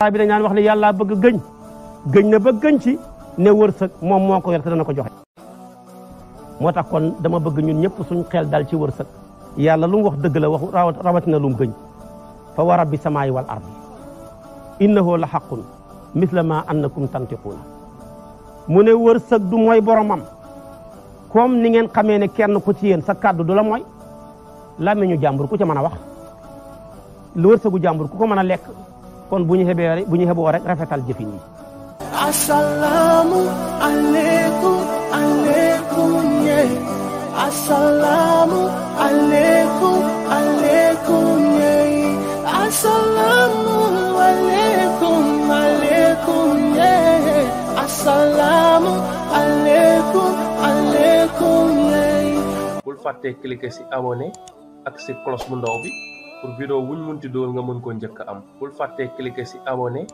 aa bi dañ naan wax na yàllaa bëgg gëñ gëñ na ba gëñ ci ne wërsëg moom moo ko yor te dana ko joxe moo tax kon dama bëgg ñun ñëpp suñ xeel dal ci wërsëg yàlla lu mu wax dëgg la wax rawatina lu mu gëñ fa wa rabbi samaayi wal ardi innahu la xaqun na ma annakum tantiquuna mu ne wërsëg du mooy boromam kom ni ngeen xamee ne kenn ku ci yéen sa kàddu du la mooy làmmiñu jàmbur ku ca mën a wax lu wërsëgu jàmbur ku ko mën a lekk kon bu ñu xebee bu ñu xeboo rek rafetal jëfin yi asalaamu aleykum aleykum ñe asalaamu aleykum aleykum ñe asalaamu aleykum aleykum ñe asalaamu aleykum aleykum ñe bul fàtte cliquer ci abonné bu ndaw pour vidéo wuñ munti doon nga mën koo njëkk a am bul fàttee cliquer ci abonné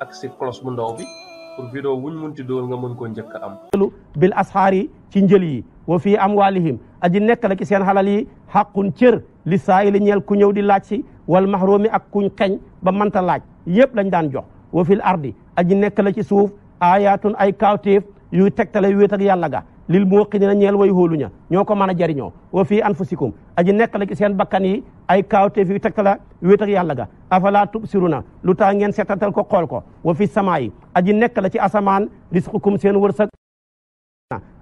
ak ci cloche bu ndaw bi pour vidéo wuñ munti doon nga mën ko njëkk a am lu bil asxaar yi ci njël yi wa fii amwalihim aji nekk la ci seen xalal yi xaqun cër li saayili ñeel ku ñëw di laaj si wal mahroomi ak kuñ xeñ ba manta laaj yëpp lañ daan jox wa fil ardi aji nekk la ci suuf aayaatun ay yu yuy tegtale wéet ak yàlla ga lil muwaqidina ñeel way hóoluña ñoo ko mën a jariñoo wa fii anfusikum aji nekk la ci seen bakkan yi ay kaawteef yu tegtala wéet ak yàlla ga afala tubsiruna lu taa ngeen seetatal ko xool ko wa fi samaa yi aji nekk la ci asamaan risqukum seen wërsëg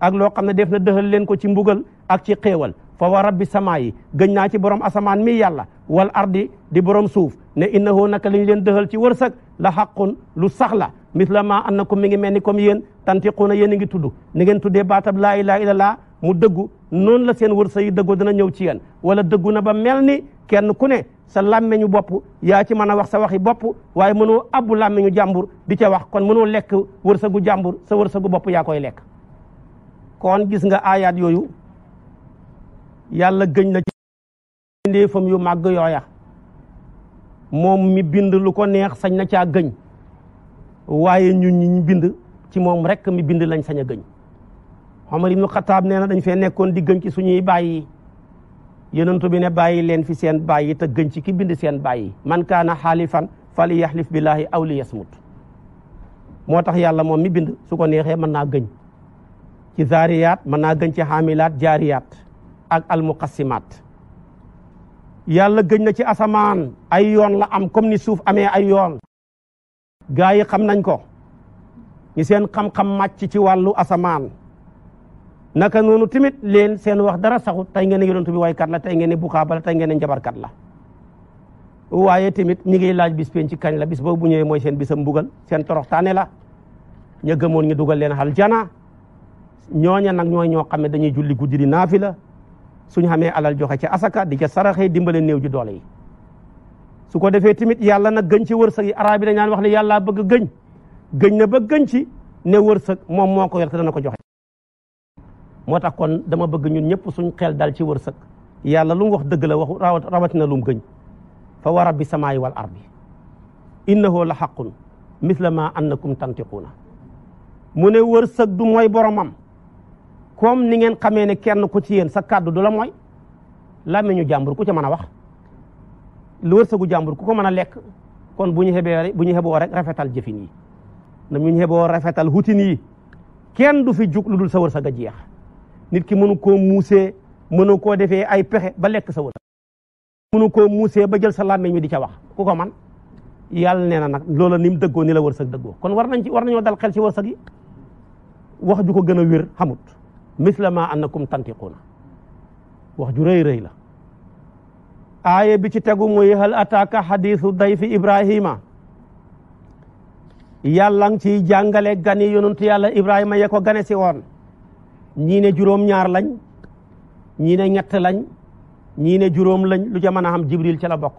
ak loo xam ne def na dëxal leen ko ci mbugal ak ci xéewal fa wa rabbi samaa yi gëñ naa ci borom asamaan mi yàlla wal ardi di borom suuf ne innahu naka liñ leen dëxal ci wërsëg la xaqun lu sax la mislama annakum mi ngi mel ni comme yéen tantiquuna yéen yen ngi tudd ni ngeen tuddee baatab laa ilaha illallah mu dëggu noonu la seen wërsa yi dëggoo dana ñëw ci yéen wala dëggu na ba mel ni kenn ku ne sa làmmeñu bopp yaa ci mën a wax sa waxi bopp waaye mënoo abbu làmmeñu jàmbur di ca wax kon mënoo lekk wërsagu jàmbur sa wërsagu bopp yaa koy lekk kon gis nga ayaat yooyu yàlla gëñ na ci ndéefam yu màgg yooya moom mi bind lu ko neex sañ na caa gëñ waaye ñun ñi ñu bind ci moom rekk mi bind lañ sañ a gëñ Omar ibnu nee na dañ fee nekkoon di gëñ ci suñuy baay yi yonentu bi ne bàyyi leen fi seen baay yi te gëñ ci ki bind seen baay yi man kaana xaalifan fali yaxlif billaahi aw yasmut moo tax yàlla moom mi bind su ko neexee mën naa gëñ ci zaariyaat mën naa gëñ ci xaamilaat jaariyaat ak almuqassimaat yàlla gëñ na ci asamaan ay yoon la am comme ni suuf amee ay yoon gaa yi xam nañ ko ñi seen xam-xam màcc ci wàllu asamaan naka noonu tamit leen seen wax dara saxut tey ngeen ne yonent bi waykat la tey ngeen ne bukaaba la tey ngeen ne njabarkat la waaye tamit ñi ngi laaj bis penc ci kañ la bis boobu bu ñëwee mooy seen bisam mbugal seen toroxtaane la ña gëmoon ñu dugal leen aljana ñooña nag ñooy ñoo xam ne dañuy julli guddi di naafi la suñ xamee alal joxe ci asaka di ca saraxee dimbale new ji doole yi su ko defee tamit yàlla na gën ci wërsëg yi arab yi dañ wax ne yàlla bëgg gëñ gëñ na ba gën ci ne wërsëg moom moo ko yor te dana ko joxe moo tax kon dama bëgg ñun ñëpp suñ xel dal ci wërsëg yàlla lu mu wax dëgg la waxu rawatina lu mu gëñ fa wa rabbi samaayi wal ardi innahu la xaqun misla ma annakum tantiquuna mu ne wërsëg du mooy boromam comme ni ngeen xamee ne kenn ku ci yéen sa kàddu du la mooy làmmiñu jàmbur ku ca mën a wax lu wërsëgu jàmbur ku ko mën a lekk kon bu ñu xebee bu ñu xeboo rek rafetal jëfin yi na ñu xeboo rafetal hutin yi kenn du fi jug lu dul sa wërsëg a jeex nit ki mënu koo muuse mënu koo defee ay pexe ba lekk sa wërsëg mënu koo muusee ba jël sa làmmiñ mi di ca wax ku ko man yàlla nee na nag loola ni mu dëggoo ni la wërsëg dëggoo kon war nañ ci war nañoo dal xel ci wërsëg yi wax ju ko gën a wér xamut misla ma annakum tantiquuna wax ju rëy rëy la aaya bi ci tegu muy hal ataaka xadiisu dayfi ibrahima yàlla ngi ciy jàngale gani yonentu yàlla ibrahima ya ko gane si woon ñii ne juróom ñaar lañ ñiine ñett lañ ñiine juróom lañ lu ca mën a xam jibril ci la bokk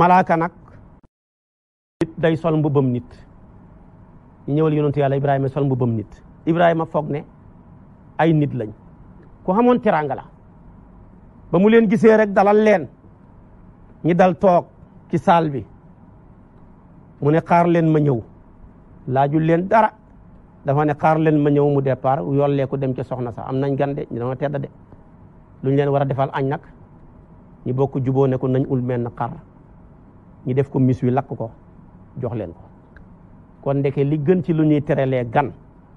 malaaka nag nit day sol mbubbam nit ñu ñëwal yonentu yàlla ibrahima sol mbubbam nit ibrahima foog ne ay nit lañ ku xamoon teraanga ba mu leen gisee rek dalal leen ñi dal toog ci saal bi mu ne xaar leen ma ñëw laaju leen dara dafa ne xaar leen ma ñëw mu départ yollee ko dem ci soxna sax am nañ gan de ñu dama tedda de luñ leen war a defal añ nag ñu bokk juboo ne ko nañ ul menn xar ñu def ko mis wi lakk ko jox leen ko kon ndeke li gën ci lu ñuy terelee gan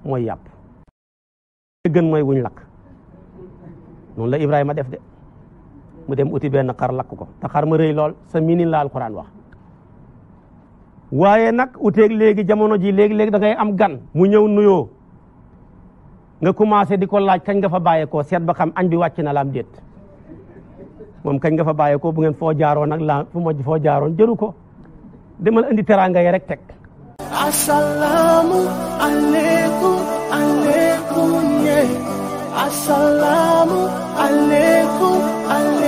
mooy yàpp li gën mooy wuñ lakk noonu la Ibrahima def de mu dem uti benn xar lakk ko te xar ma rëy lool sa minin la alquran wax waaye nag uteeg léegi jamono ji léegi-léegi dangay am gan mu ñëw nuyoo nga commencé di ko laaj kañ nga fa bàyyeekoo seet ba xam añ bi wàcc na laam déet moom kañ nga fa bàyyeekoo bu ngeen foo jaaroo nag laa fu mujj foo jaaroon jëru ko demal indi teraanga yi rek teg